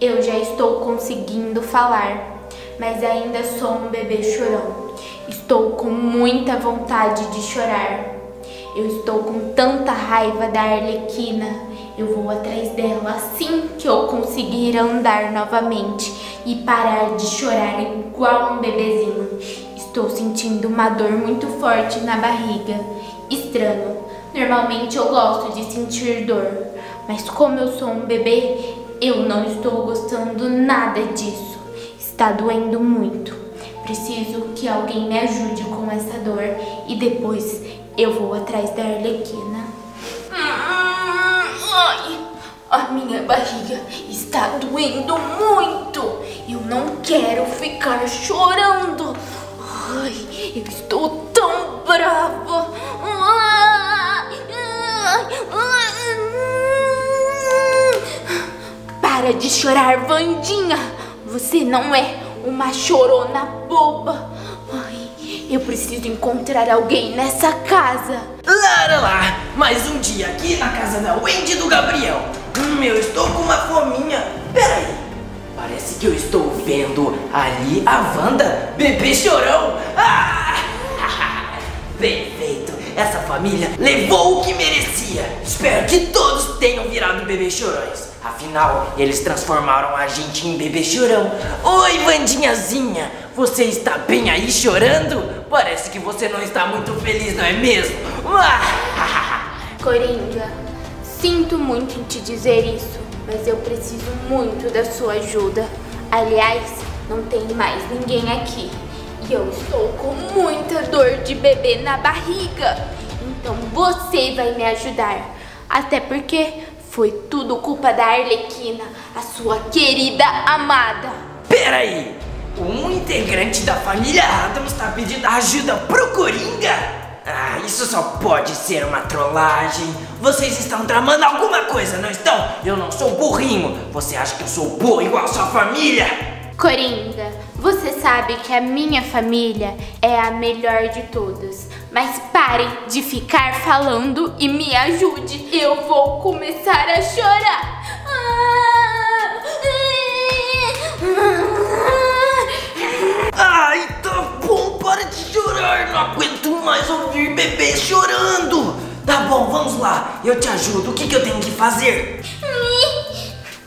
Eu já estou conseguindo falar, mas ainda sou um bebê chorão. Estou com muita vontade de chorar. Eu estou com tanta raiva da Arlequina. Eu vou atrás dela assim que eu conseguir andar novamente e parar de chorar igual um bebezinho. Estou sentindo uma dor muito forte na barriga. Estranho. Normalmente eu gosto de sentir dor, mas como eu sou um bebê, eu não estou gostando nada disso. Está doendo muito. Preciso que alguém me ajude com essa dor e depois eu vou atrás da Arlequina. Hum, ai, a minha barriga está doendo muito. Eu não quero ficar chorando. Ai, eu estou tão brava. Ai, ai, ai. Para de chorar, Vandinha. Você não é uma chorona boba. Ai, eu preciso encontrar alguém nessa casa. Lara lá, mais um dia aqui na casa da Wendy e do Gabriel. Hum, eu estou com uma fominha. Peraí, parece que eu estou vendo ali a Wanda, bebê chorão. Ah! Perfeito essa família levou o que merecia. Espero que todos tenham virado bebês chorões. Afinal, eles transformaram a gente em bebê chorão. Oi, Vandinhazinha! Você está bem aí chorando? Parece que você não está muito feliz, não é mesmo? Ah! Coringa, sinto muito em te dizer isso, mas eu preciso muito da sua ajuda. Aliás, não tem mais ninguém aqui que eu estou com muita dor de bebê na barriga. Então você vai me ajudar. Até porque foi tudo culpa da Arlequina, a sua querida amada. Peraí, um integrante da família Adams está pedindo ajuda pro Coringa? Ah, isso só pode ser uma trollagem. Vocês estão tramando alguma coisa, não estão? Eu não sou burrinho. Você acha que eu sou burro igual a sua família? Coringa, você sabe que a minha família é a melhor de todas, mas pare de ficar falando e me ajude. Eu vou começar a chorar. Ai, tá bom, para de chorar. Não aguento mais ouvir bebê chorando. Tá bom, vamos lá. Eu te ajudo. O que, que eu tenho que fazer?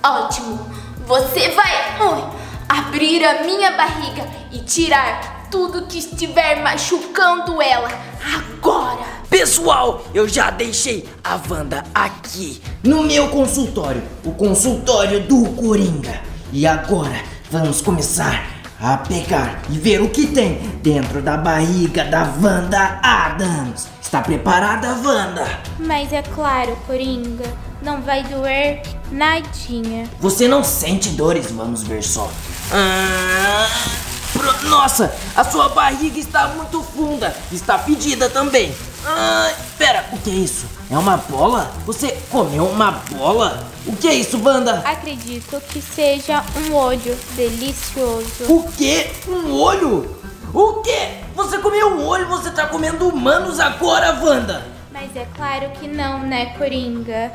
Ótimo. Você vai abrir a minha barriga e tirar tudo que estiver machucando ela agora. Pessoal, eu já deixei a Wanda aqui no meu consultório, o consultório do Coringa. E agora vamos começar a pegar e ver o que tem dentro da barriga da Wanda Adams. Está preparada, Wanda? Mas é claro, Coringa, não vai doer nadinha. Você não sente dores, vamos ver só. Ah, nossa, a sua barriga está muito funda. Está fedida também. Ah, pera, o que é isso? É uma bola? Você comeu uma bola? O que é isso, Wanda? Acredito que seja um olho delicioso. O quê? Um olho? O quê? Você comeu um olho, você está comendo humanos agora, Wanda? Mas é claro que não, né, Coringa?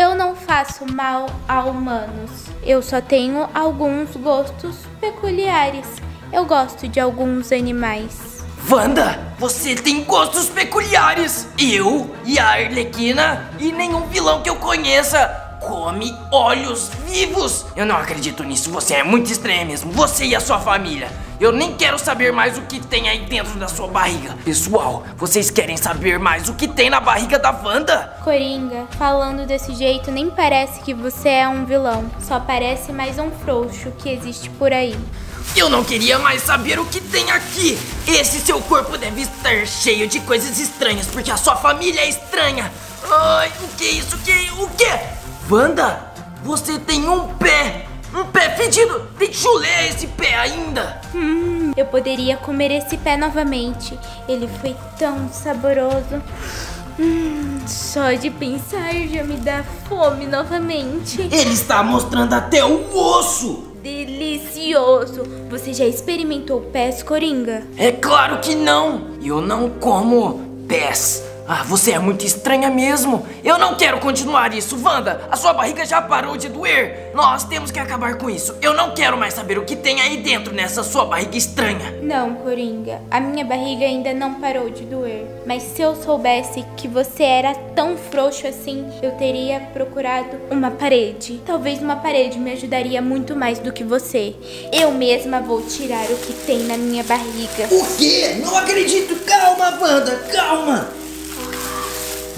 Eu não faço mal a humanos. Eu só tenho alguns gostos peculiares. Eu gosto de alguns animais. Wanda, você tem gostos peculiares! Eu e a Arlequina e nenhum vilão que eu conheça come olhos vivos. Eu não acredito nisso, você é muito estranho mesmo, você e a sua família. Eu nem quero saber mais o que tem aí dentro da sua barriga. Pessoal, vocês querem saber mais o que tem na barriga da Wanda? Coringa, falando desse jeito, nem parece que você é um vilão. Só parece mais um frouxo que existe por aí. Eu não queria mais saber o que tem aqui. Esse seu corpo deve estar cheio de coisas estranhas, porque a sua família é estranha. Ai, o que é isso? O que? É o que? Wanda, você tem um pé! Um pé fedido! Tem chulé esse pé ainda! Hum, eu poderia comer esse pé novamente. Ele foi tão saboroso. Hum, só de pensar já me dá fome novamente. Ele está mostrando até o osso! Delicioso! Você já experimentou pés, Coringa? É claro que não! Eu não como pés. Ah, você é muito estranha mesmo. Eu não quero continuar isso, Wanda. A sua barriga já parou de doer. Nós temos que acabar com isso. Eu não quero mais saber o que tem aí dentro nessa sua barriga estranha. Não, Coringa. A minha barriga ainda não parou de doer. Mas se eu soubesse que você era tão frouxo assim, eu teria procurado uma parede. Talvez uma parede me ajudaria muito mais do que você. Eu mesma vou tirar o que tem na minha barriga. O quê? Não acredito. Calma, Wanda. Calma.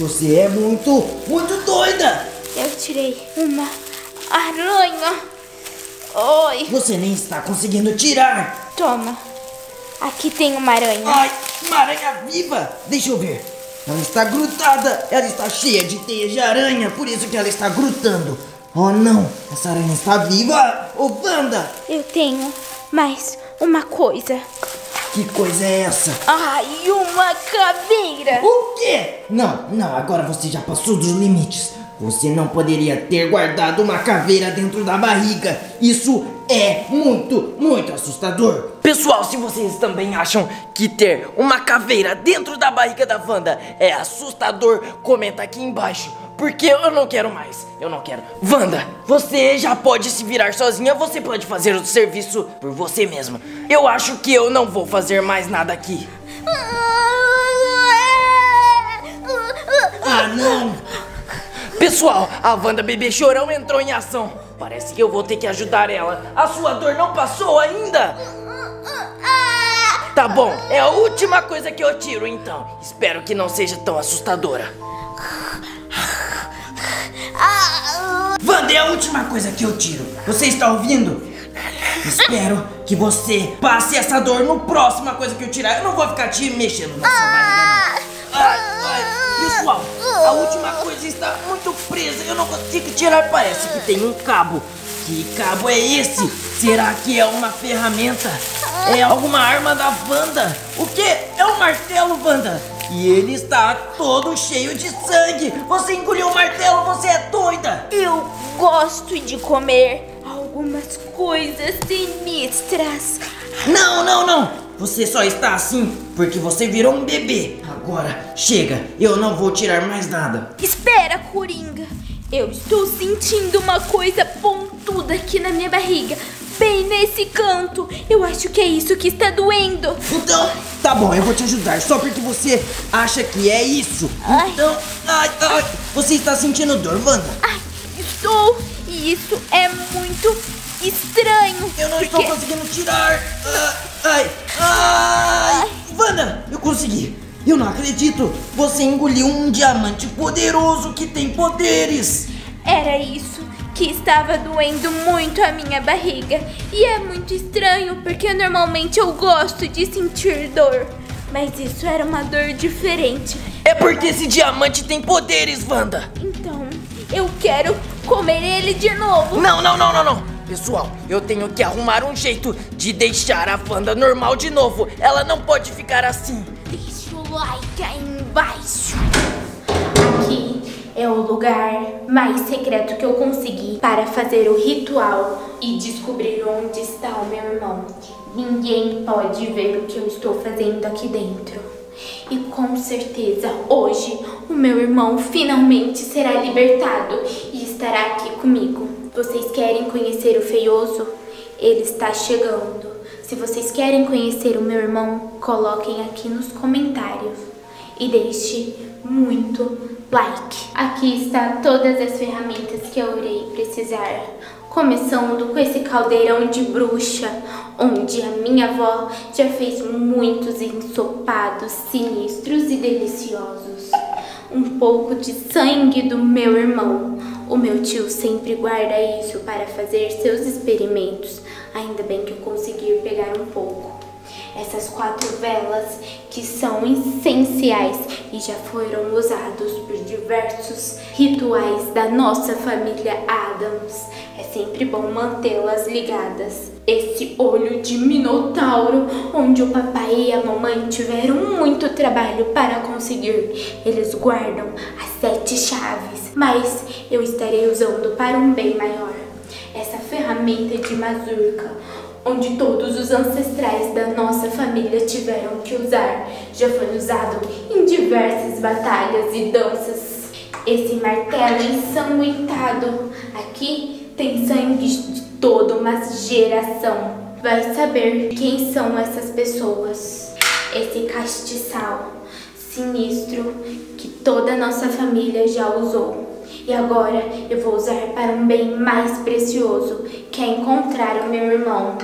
Você é muito, muito doida! Eu tirei uma aranha. Oi! Você nem está conseguindo tirar! Toma! Aqui tem uma aranha. Ai, uma aranha viva! Deixa eu ver. Ela está grudada. Ela está cheia de teias de aranha, por isso que ela está grudando. Oh não, essa aranha está viva! Ô, oh, Wanda! Eu tenho mais uma coisa. Que coisa é essa? Ai, uma caveira! O quê? Não, não, agora você já passou dos limites. Você não poderia ter guardado uma caveira dentro da barriga. Isso é muito, muito assustador. Pessoal, se vocês também acham que ter uma caveira dentro da barriga da Wanda é assustador, comenta aqui embaixo porque eu não quero mais. Eu não quero. Wanda, você já pode se virar sozinha, você pode fazer o serviço por você mesma. Eu acho que eu não vou fazer mais nada aqui. Ah, ah, não! Pessoal, a Wanda Bebê Chorão entrou em ação. Parece que eu vou ter que ajudar ela. A sua dor não passou ainda? Tá bom, é a última coisa que eu tiro então. Espero que não seja tão assustadora. Wanda, é a última coisa que eu tiro. Você está ouvindo? Espero que você passe essa dor no próximo coisa que eu tirar. Eu não vou ficar te mexendo na sua barriga, não. Pessoal, a última coisa está muito presa. Eu não consigo tirar. Parece que tem um cabo. Que cabo é esse? Será que é uma ferramenta? É alguma arma da Wanda? O que? É um martelo, Wanda? E ele está todo cheio de sangue. Você engoliu o martelo, você é doida. Eu gosto de comer algumas coisas sinistras. Não, não, não. Você só está assim porque você virou um bebê. Agora, chega. Eu não vou tirar mais nada. Espera, Coringa. Eu estou sentindo uma coisa pontuda aqui na minha barriga bem nesse canto. Eu acho que é isso que está doendo. Então, tá bom, eu vou te ajudar. Só porque você acha que é isso. Ai. Então, ai, ai, você está sentindo dor, Wanda? Ai, estou. E isso é muito estranho. Eu não porque... estou conseguindo tirar. Ah, ai, ai, ai. Wanda, eu consegui. Eu não acredito! Você engoliu um diamante poderoso que tem poderes! Era isso que estava doendo muito a minha barriga. E é muito estranho porque normalmente eu gosto de sentir dor. Mas isso era uma dor diferente. É porque esse diamante tem poderes, Wanda! Então, eu quero comer ele de novo. Não, não, não, não, não! Pessoal, eu tenho que arrumar um jeito de deixar a Wanda normal de novo. Ela não pode ficar assim. Deixa o like aí embaixo é o lugar mais secreto que eu consegui para fazer o ritual e descobrir onde está o meu irmão. Ninguém pode ver o que eu estou fazendo aqui dentro. E com certeza hoje o meu irmão finalmente será libertado e estará aqui comigo. Vocês querem conhecer o feioso? Ele está chegando. Se vocês querem conhecer o meu irmão, coloquem aqui nos comentários. E deixe muito like. Aqui está todas as ferramentas que eu irei precisar. Começando com esse caldeirão de bruxa, onde a minha avó já fez muitos ensopados sinistros e deliciosos. Um pouco de sangue do meu irmão. O meu tio sempre guarda isso para fazer seus experimentos. Ainda bem que eu consegui pegar um pouco. Essas quatro velas que são essenciais e já foram usados por diversos rituais da nossa família Adams. É sempre bom mantê-las ligadas. Esse olho de minotauro, onde o papai e a mamãe tiveram muito trabalho para conseguir. Eles guardam as sete chaves, mas eu estarei usando para um bem maior. Essa ferramenta de mazurca onde todos os ancestrais da nossa família tiveram que usar. Já foi usado em diversas batalhas e danças. Esse martelo ensanguentado aqui tem sangue de toda uma geração. Vai saber quem são essas pessoas. Esse castiçal sinistro que toda a nossa família já usou. E agora eu vou usar para um bem mais precioso, que é encontrar o meu irmão.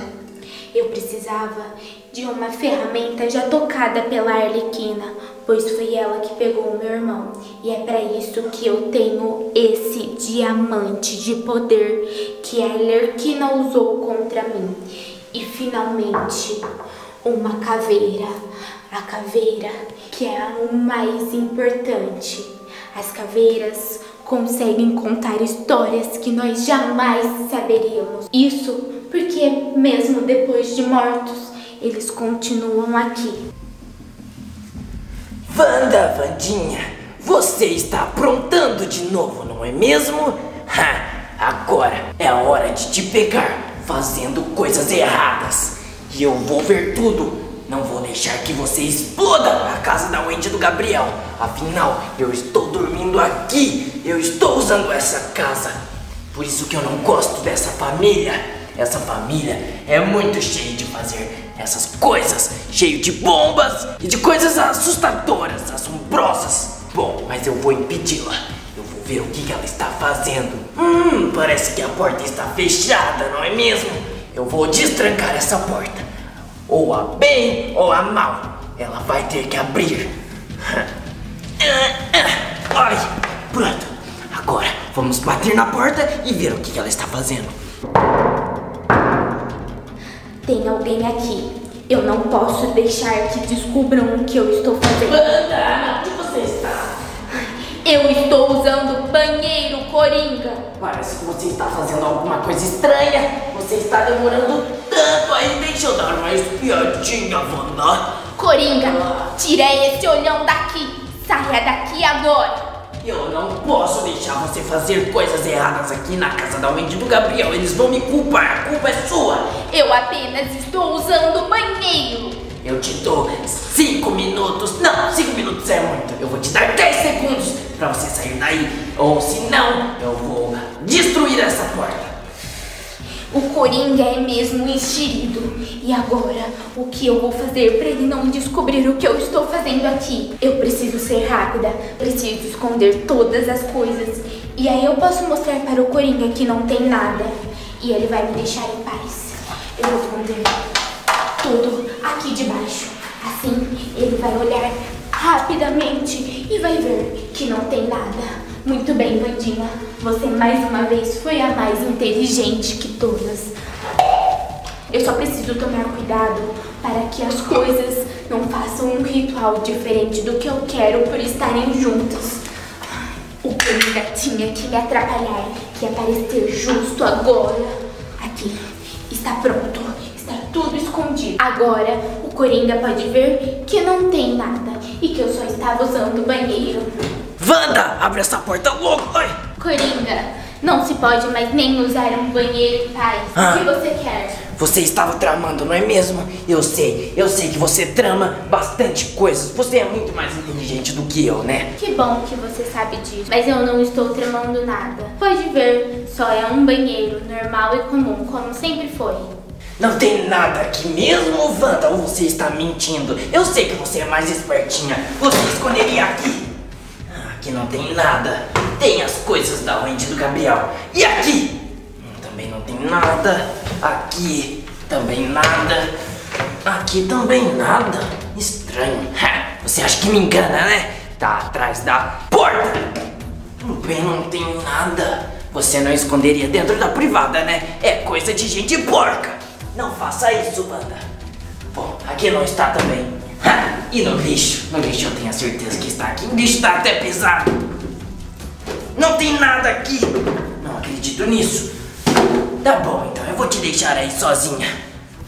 Eu precisava de uma ferramenta já tocada pela Arlequina, pois foi ela que pegou o meu irmão. E é para isso que eu tenho esse diamante de poder que a Arlequina usou contra mim. E finalmente, uma caveira. A caveira que é o mais importante. As caveiras conseguem contar histórias que nós jamais saberíamos. Isso porque, mesmo depois de mortos, eles continuam aqui. Vanda, Vandinha, você está aprontando de novo, não é mesmo? Ha, agora é a hora de te pegar fazendo coisas erradas. E eu vou ver tudo não vou deixar que você exploda a casa da Wendy do Gabriel. Afinal, eu estou dormindo aqui. Eu estou usando essa casa. Por isso que eu não gosto dessa família. Essa família é muito cheia de fazer essas coisas. Cheio de bombas e de coisas assustadoras, assombrosas. Bom, mas eu vou impedi-la. Eu vou ver o que ela está fazendo. Hum, parece que a porta está fechada, não é mesmo? Eu vou destrancar essa porta. Ou a bem ou a mal. Ela vai ter que abrir. Ai, pronto. Agora vamos bater na porta e ver o que ela está fazendo. Tem alguém aqui. Eu não posso deixar que descubram o que eu estou fazendo. Banda, onde você está? Eu estou usando banheiro coringa. Parece que você está fazendo alguma coisa estranha. Você está demorando tanto, aí deixa eu dar uma Wanda. Coringa, tirei esse olhão daqui. Saia daqui agora. Eu não posso deixar você fazer coisas erradas aqui na casa da Wendy do Gabriel. Eles vão me culpar. A culpa é sua. Eu apenas estou usando o banheiro. Eu te dou 5 minutos. Não, 5 minutos é muito. Eu vou te dar 10 segundos pra você sair daí. Ou se não, eu vou destruir essa porta. O Coringa é mesmo estirido E agora, o que eu vou fazer para ele não descobrir o que eu estou fazendo aqui? Eu preciso ser rápida, preciso esconder todas as coisas. E aí eu posso mostrar para o Coringa que não tem nada. E ele vai me deixar em paz. Eu vou esconder tudo aqui debaixo. Assim, ele vai olhar rapidamente e vai ver que não tem nada. Muito bem, Vandinha. Você mais uma vez foi a mais inteligente que todas. Eu só preciso tomar cuidado para que as coisas não façam um ritual diferente do que eu quero por estarem juntas. O coringa tinha que me atrapalhar, que aparecer é justo agora. Aqui, está pronto. Está tudo escondido. Agora, o Coringa pode ver que não tem nada e que eu só estava usando o banheiro. Wanda, abre essa porta logo! Ai. Coringa, não se pode mais nem usar um banheiro pai. Ah. O que você quer? Você estava tramando, não é mesmo? Eu sei, eu sei que você trama bastante coisas. Você é muito mais inteligente do que eu, né? Que bom que você sabe disso, mas eu não estou tramando nada. Pode ver, só é um banheiro normal e comum, como sempre foi. Não tem nada aqui mesmo, Wanda, ou você está mentindo? Eu sei que você é mais espertinha. Você escolheria aqui. Aqui não tem nada. Tem as coisas da Wendy do Gabriel. E aqui? Hum, também não tem nada. Aqui também nada. Aqui também nada. Estranho. você acha que me engana, né? Tá atrás da porta. Também não tem nada. Você não esconderia dentro da privada, né? É coisa de gente porca. Não faça isso, banda. Bom, aqui não está também. E no lixo? No lixo eu tenho a certeza que está aqui. O lixo está até pesado. Não tem nada aqui. Não acredito nisso. Tá bom, então eu vou te deixar aí sozinha.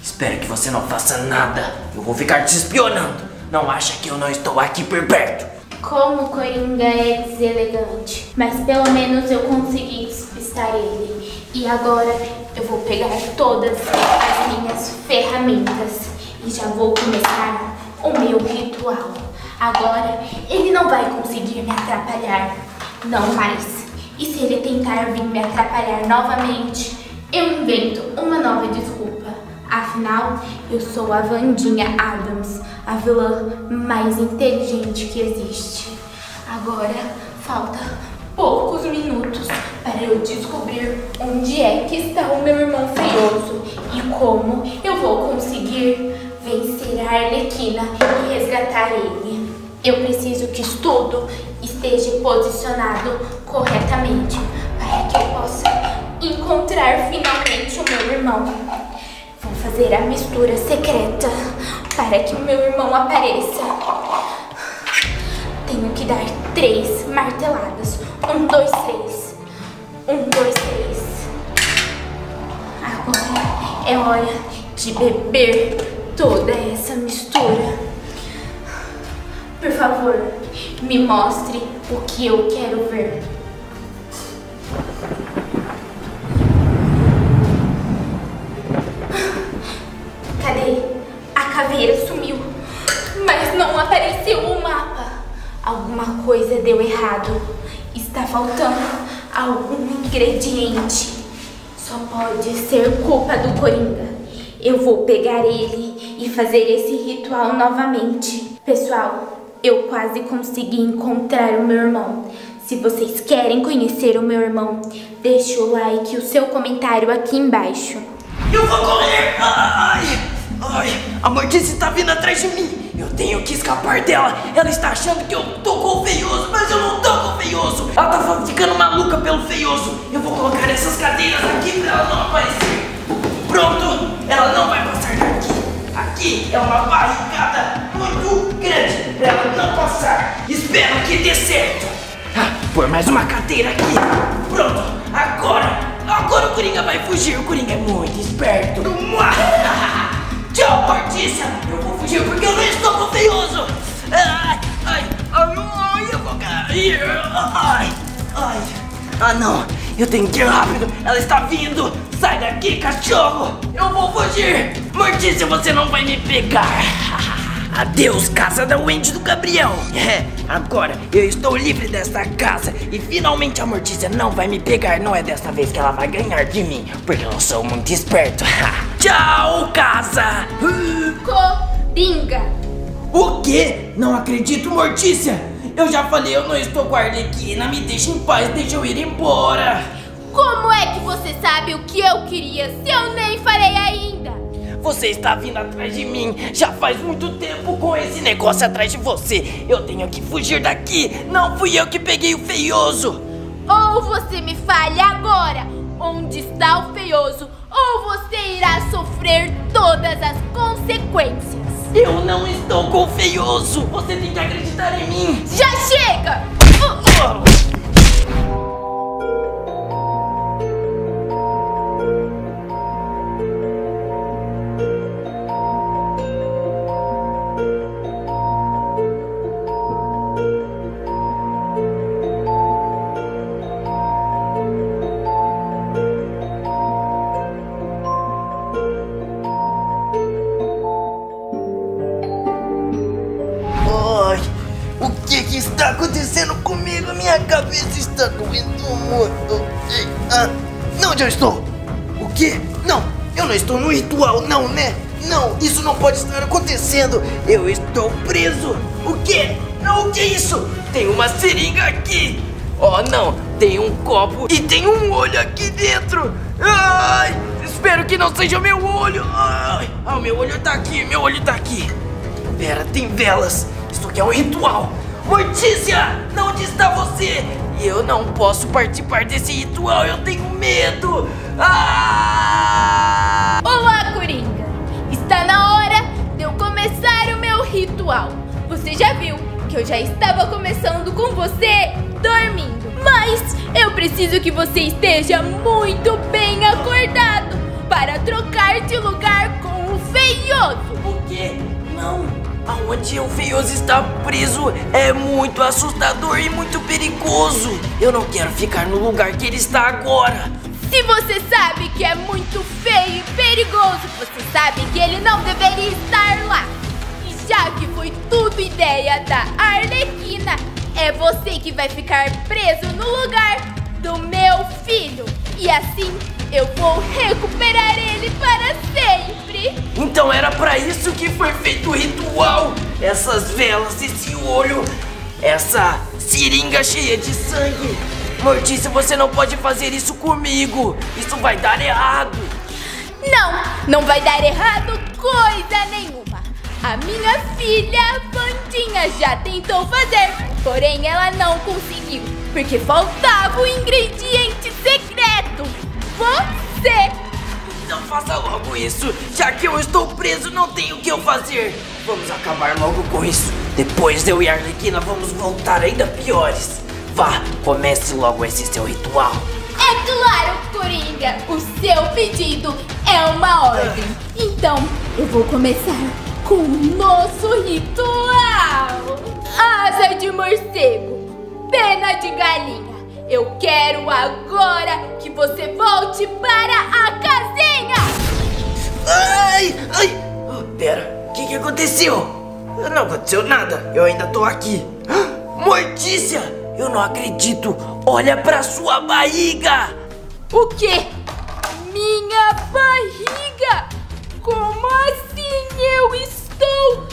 Espero que você não faça nada. Eu vou ficar te espionando. Não acha que eu não estou aqui por perto? Como o Coringa é deselegante. Mas pelo menos eu consegui despistar ele. E agora eu vou pegar todas as minhas ferramentas. E já vou começar o meu ritual. Agora ele não vai conseguir me atrapalhar. Não mais. E se ele tentar vir me atrapalhar novamente, eu invento uma nova desculpa. Afinal, eu sou a Vandinha Adams, a vilã mais inteligente que existe. Agora falta poucos minutos para eu descobrir onde é que está o meu irmão feioso e como eu vou conseguir a Arlequina e resgatar ele. Eu preciso que tudo esteja posicionado corretamente para que eu possa encontrar finalmente o meu irmão. Vou fazer a mistura secreta para que o meu irmão apareça. Tenho que dar três marteladas. Um, dois, três. Um, dois, três. Agora é hora de beber toda essa mistura. Por favor, me mostre o que eu quero ver. Cadê? A caveira sumiu, mas não apareceu o mapa. Alguma coisa deu errado. Está faltando algum ingrediente. Só pode ser culpa do Coringa. Eu vou pegar ele e fazer esse ritual novamente. Pessoal, eu quase consegui encontrar o meu irmão. Se vocês querem conhecer o meu irmão, deixe o like e o seu comentário aqui embaixo. Eu vou correr! Ai, ai, a Mortícia está vindo atrás de mim! Eu tenho que escapar dela! Ela está achando que eu tô com o feioso, mas eu não tô com o feioso! Ela tá ficando maluca pelo feioso! Eu vou colocar essas cadeiras aqui pra ela não aparecer! Pronto, ela não vai passar daqui. Aqui é uma barricada muito grande pra ela não passar. Espero que dê certo. Ah, por mais uma cadeira aqui. Pronto, agora. Agora o Coringa vai fugir. O Coringa é muito esperto. Tchau, Mortícia. Eu vou fugir porque eu não estou confioso. Ai, ai, ai, eu vou cair. Ai, ai. Ah, não. Eu tenho que ir rápido! Ela está vindo! Sai daqui, cachorro! Eu vou fugir! Mortícia, você não vai me pegar! Adeus, casa da Wendy do Gabriel! É, agora eu estou livre dessa casa e finalmente a Mortícia não vai me pegar. Não é desta vez que ela vai ganhar de mim, porque eu sou muito esperto. Tchau, casa! Coringa! O quê? Não acredito, Mortícia! Eu já falei, eu não estou com a Arlequina, me deixa em paz, deixa eu ir embora. Como é que você sabe o que eu queria se eu nem falei ainda? Você está vindo atrás de mim, já faz muito tempo com esse negócio atrás de você. Eu tenho que fugir daqui, não fui eu que peguei o feioso. Ou você me fale agora onde está o feioso, ou você irá sofrer todas as consequências. Eu não estou confioso. Você tem que acreditar em mim! Já chega! Uh, uh. amor. Ah, onde eu estou? O quê? Não, eu não estou no ritual, não, né? Não, isso não pode estar acontecendo. Eu estou preso. O quê? Não, é o que é isso? Tem uma seringa aqui. Oh, não, tem um copo e tem um olho aqui dentro. Ai, espero que não seja meu olho. Ai, ah, meu olho tá aqui, meu olho tá aqui. Pera, tem velas. Isso aqui é um ritual. Mortícia, onde está você? E eu não posso participar desse ritual, eu tenho medo! Ah! Olá, Coringa! Está na hora de eu começar o meu ritual. Você já viu que eu já estava começando com você dormindo. Mas eu preciso que você esteja muito bem acordado para trocar de lugar com o feioso. O quê? Não! Aonde o Feios está preso é muito assustador e muito perigoso. Eu não quero ficar no lugar que ele está agora. Se você sabe que é muito feio e perigoso, você sabe que ele não deveria estar lá. E já que foi tudo ideia da Arlequina, é você que vai ficar preso no lugar do meu filho. E assim eu vou recuperar ele para sempre! Então era para isso que foi feito o ritual! Essas velas, esse olho, essa seringa cheia de sangue! Mortícia, você não pode fazer isso comigo! Isso vai dar errado! Não, não vai dar errado coisa nenhuma! A minha filha, Vandinha, já tentou fazer, porém ela não conseguiu, porque faltava o ingrediente secreto! você! Não faça logo isso, já que eu estou preso, não tenho o que eu fazer. Vamos acabar logo com isso. Depois eu e a Arlequina vamos voltar ainda piores. Vá, comece logo esse seu ritual. É claro, Coringa, o seu pedido é uma ordem. Então, eu vou começar com o nosso ritual. Asa de morcego, pena de galinha eu quero agora que você volte para a casinha! Ai! Ai! Oh, pera, o que, que aconteceu? Não aconteceu nada, eu ainda tô aqui. Mortícia! Eu não acredito! Olha pra sua barriga! O quê? Minha barriga? Como assim eu estou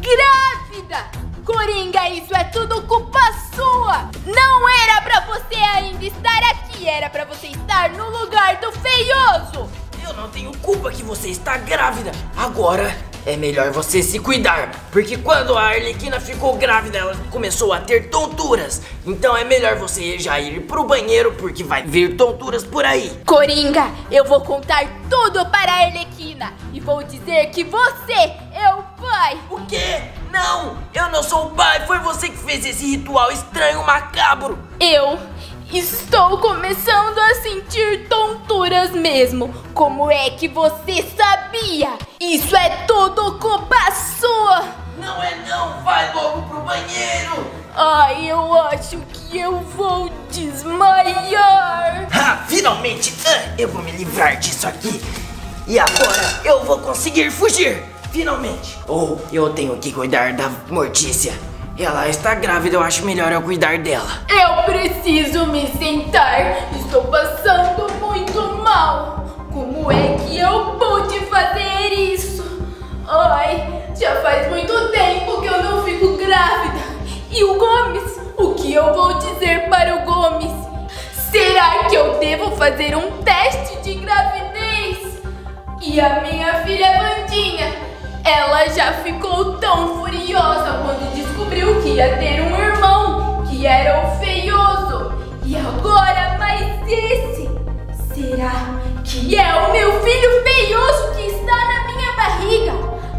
grávida? Coringa, isso é tudo culpa sua! Não era pra você ainda estar aqui, era pra você estar no lugar do feioso! Eu não tenho culpa que você está grávida! Agora é melhor você se cuidar, porque quando a Arlequina ficou grávida, ela começou a ter tonturas. Então é melhor você já ir pro banheiro, porque vai vir tonturas por aí. Coringa, eu vou contar tudo para a Arlequina e vou dizer que você é o pai. O quê? Não! Eu não sou o pai! Foi você que fez esse ritual estranho, macabro! Eu estou começando a sentir tonturas mesmo! Como é que você sabia? Isso é tudo culpa sua! Não é não! Vai logo pro banheiro! Ai, eu acho que eu vou desmaiar! Ah, finalmente! Ah, eu vou me livrar disso aqui! E agora eu vou conseguir fugir! finalmente. Ou oh, eu tenho que cuidar da Mortícia. Ela está grávida, eu acho melhor eu cuidar dela. Eu preciso me sentar. Estou passando muito mal. Como é que eu pude fazer isso? Ai, já faz muito tempo que eu não fico grávida. E o Gomes? O que eu vou dizer para o Gomes? Será que eu devo fazer um teste de gravidez? E a minha filha Vandinha? Ela já ficou tão furiosa quando descobriu que ia ter um irmão que era o feioso. E agora mais esse. Será que é o meu filho feioso que está na minha barriga?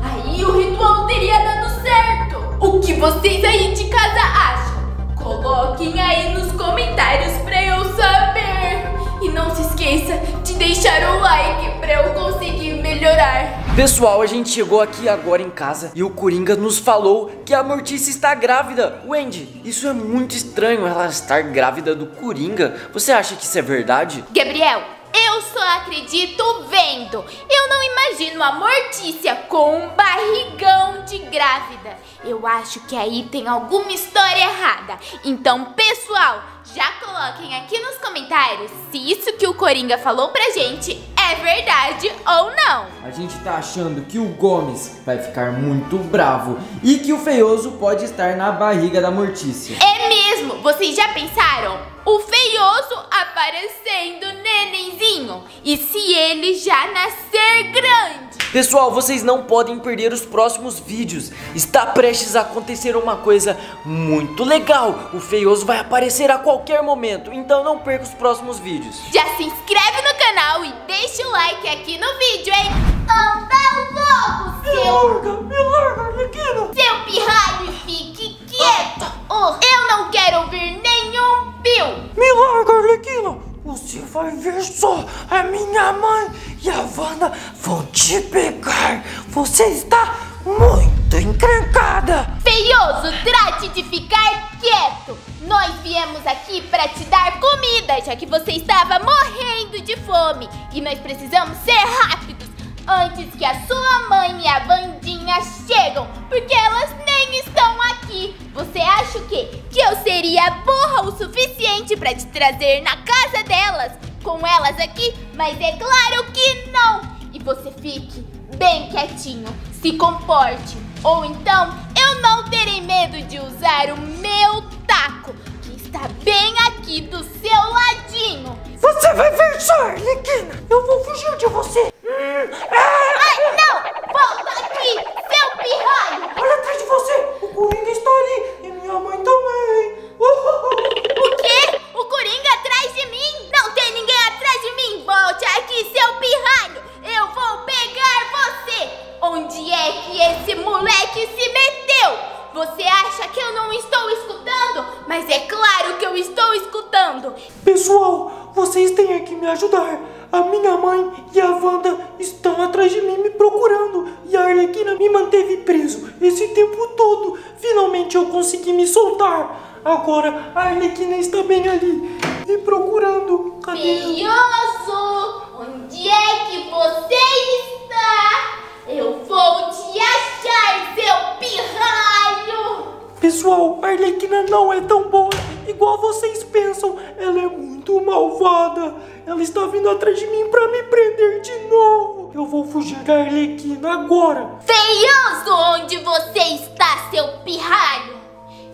Aí o ritual teria dado certo. O que vocês aí de casa acham? Coloquem aí nos comentários pra eu saber. E não se esqueça de deixar o like pra eu conseguir melhorar. Pessoal, a gente chegou aqui agora em casa e o Coringa nos falou que a Mortícia está grávida. Wendy, isso é muito estranho, ela estar grávida do Coringa. Você acha que isso é verdade? Gabriel, eu só acredito vendo. Eu não imagino a Mortícia com um barrigão de grávida. Eu acho que aí tem alguma história errada. Então, pessoal, já coloquem aqui nos comentários se isso que o Coringa falou pra gente é verdade ou não. A gente tá achando que o Gomes vai ficar muito bravo e que o Feioso pode estar na barriga da Mortícia. É mesmo! Vocês já pensaram? o feioso aparecendo nenenzinho. E se ele já nascer grande? Pessoal, vocês não podem perder os próximos vídeos. Está prestes a acontecer uma coisa muito legal. O feioso vai aparecer a qualquer momento, então não perca os próximos vídeos. Já se inscreve no canal e deixa o like aqui no vídeo, hein? Anda logo, seu... Me larga, me larga, Arlequina! Seu pirralho, fique Quieto! Oh. Eu não quero ouvir nenhum pio! Me larga, Arlequina! Você vai ver só! A é minha mãe e a Wanda vão te pegar! Você está muito encrencada! Feioso, trate de ficar quieto! Nós viemos aqui para te dar comida, já que você estava morrendo de fome! E nós precisamos ser rápidos! Antes que a sua mãe e a Vandinha chegam, porque elas também estão aqui. Você acha o quê? Que eu seria burra o suficiente para te trazer na casa delas, com elas aqui? Mas é claro que não! E você fique bem quietinho, se comporte. Ou então, eu não terei medo de usar o meu taco, que está bem aqui do seu ladinho. Você vai vencer, Lequina! Eu vou fugir de você! Ai, não! Volta aqui! pirralho! Olha atrás de você! O Coringa está ali! E minha mãe também! O quê? O Coringa atrás de mim? Não tem ninguém atrás de mim! Volte aqui, seu pirralho! Eu vou pegar você! Onde é que esse moleque se meteu? Você acha que eu não estou escutando? Mas é claro que eu estou escutando! Pessoal, vocês têm que me ajudar! A minha mãe e a Wanda estão atrás de mim me procurando. E a Arlequina me manteve preso esse tempo todo. Finalmente eu consegui me soltar. Agora a Arlequina está bem ali, me procurando. Cadê? Pinhoso, onde é que você está? Eu vou te achar, seu pirralho! Pessoal, a Arlequina não é tão boa igual vocês pensam. Ela é muito malvada. Ela está vindo atrás de mim para me prender de novo. Eu vou fugir da Arlequina agora. Feioso onde você está, seu pirralho.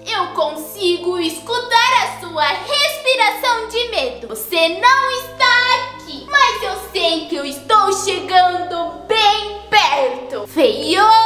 Eu consigo escutar a sua respiração de medo. Você não está aqui, mas eu sei que eu estou chegando bem perto. Feioso!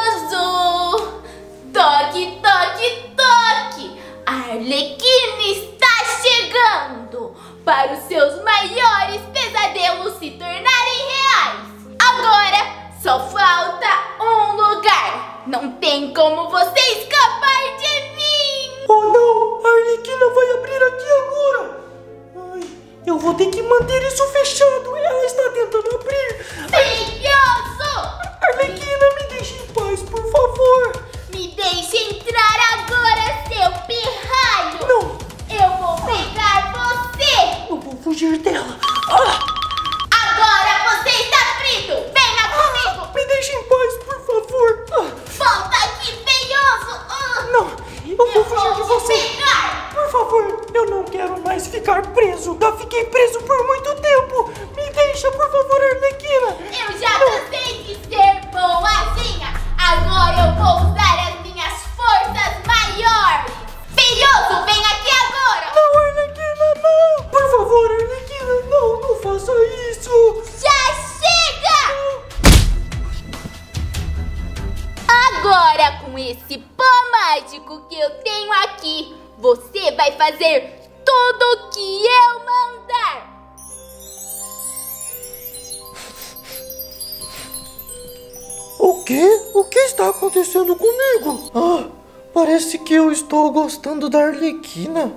gostando da Arlequina.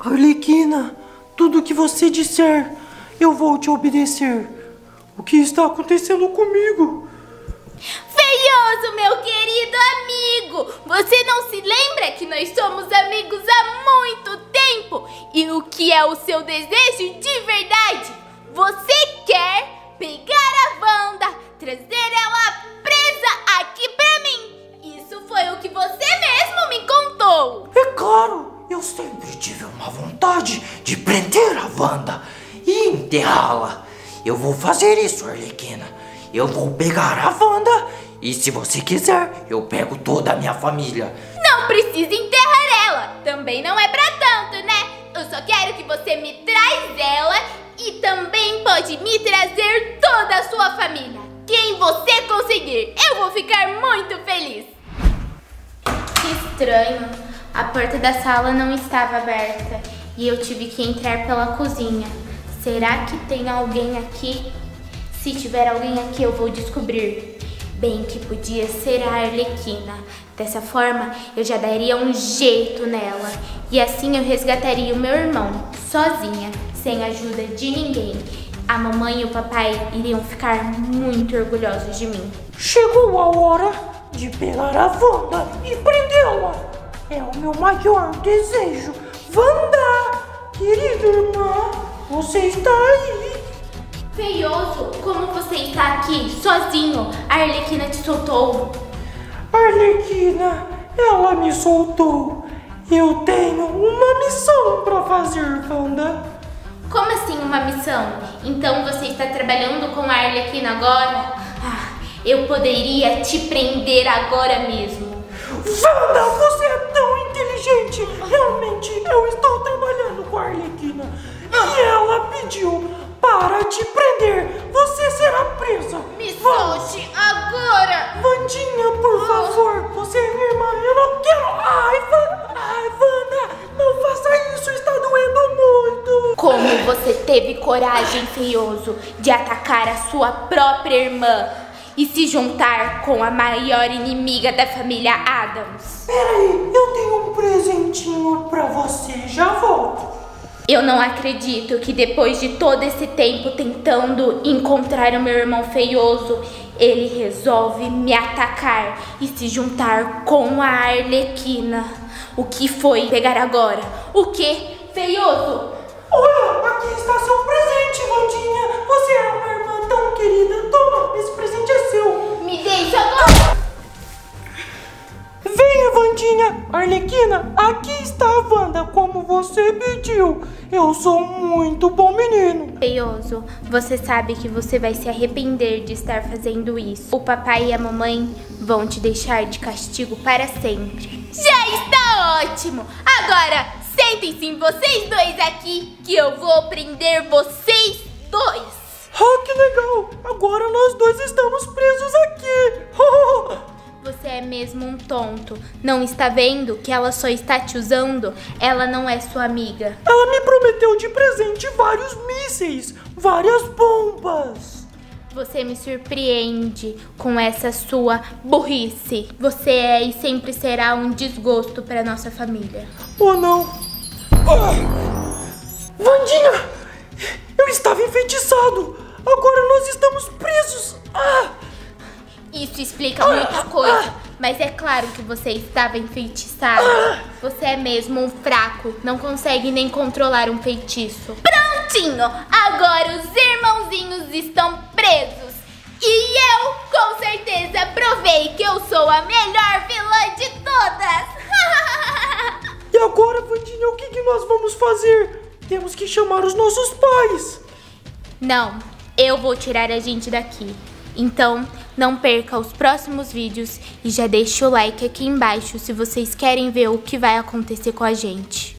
Arlequina, tudo que você disser, eu vou te obedecer. O que está acontecendo comigo? Feioso, meu querido amigo! Você não se lembra que nós somos amigos há muito tempo? E o que é o seu desejo de verdade? Você quer pegar a Wanda, trazer ela presa aqui pra mim! vontade de prender a Wanda e enterrá-la. Eu vou fazer isso, Arlequina. Eu vou pegar a Wanda e se você quiser, eu pego toda a minha família. Não precisa enterrar ela. Também não é pra tanto, né? Eu só quero que você me traz ela e também pode me trazer toda a sua família. Quem você conseguir, eu vou ficar muito feliz. Que estranho. A porta da sala não estava aberta e eu tive que entrar pela cozinha. Será que tem alguém aqui? Se tiver alguém aqui, eu vou descobrir. Bem que podia ser a Arlequina. Dessa forma, eu já daria um jeito nela. E assim eu resgataria o meu irmão, sozinha, sem ajuda de ninguém. A mamãe e o papai iriam ficar muito orgulhosos de mim. Chegou a hora de pegar a Wanda e prendê-la. É o meu maior desejo. Wanda! Querida irmã, você está aí? Feioso, como você está aqui, sozinho? A Arlequina te soltou. Arlequina, ela me soltou. Eu tenho uma missão para fazer, Wanda. Como assim uma missão? Então você está trabalhando com a Arlequina agora? Ah, eu poderia te prender agora mesmo. Wanda, você é tão gente, realmente eu estou trabalhando com a Arlequina. E ela pediu para te prender. Você será presa. Me solte agora. Vandinha, por ah. favor, você é minha irmã. Eu não quero. Ai, Vanda, Ai, Vanda, não faça isso. Está doendo muito. Como você teve coragem, feioso, de atacar a sua própria irmã? e se juntar com a maior inimiga da família Adams. Peraí, eu tenho Eu não acredito que depois de todo esse tempo tentando encontrar o meu irmão feioso, ele resolve me atacar e se juntar com a Arlequina. O que foi pegar agora? O que? Feioso! Olha, aqui está seu presente, Vandinha! Você é uma irmã tão querida! Toma, esse presente é seu! Me deixa, não! Venha, Vandinha! Arlequina, aqui está a Wanda, como você pediu. Eu sou muito bom menino. Feioso, você sabe que você vai se arrepender de estar fazendo isso. O papai e a mamãe vão te deixar de castigo para sempre. Já está ótimo! Agora, sentem-se vocês dois aqui, que eu vou prender vocês dois. Ah, oh, que legal! Agora nós dois estamos presos aqui. Oh. Você é mesmo um tonto. Não está vendo que ela só está te usando? Ela não é sua amiga. Ela me prometeu de presente vários mísseis, várias bombas. Você me surpreende com essa sua burrice. Você é e sempre será um desgosto para nossa família. Oh, não. Oh. Vandinha! Eu estava enfeitiçado! Agora nós estamos presos! Ah! Isso explica muita coisa. Mas é claro que você estava enfeitiçado. Você é mesmo um fraco. Não consegue nem controlar um feitiço. Prontinho! Agora os irmãozinhos estão presos. E eu, com certeza, provei que eu sou a melhor vilã de todas. e agora, Vandinha, o que, que nós vamos fazer? Temos que chamar os nossos pais. Não, eu vou tirar a gente daqui. Então, não perca os próximos vídeos e já deixa o like aqui embaixo se vocês querem ver o que vai acontecer com a gente.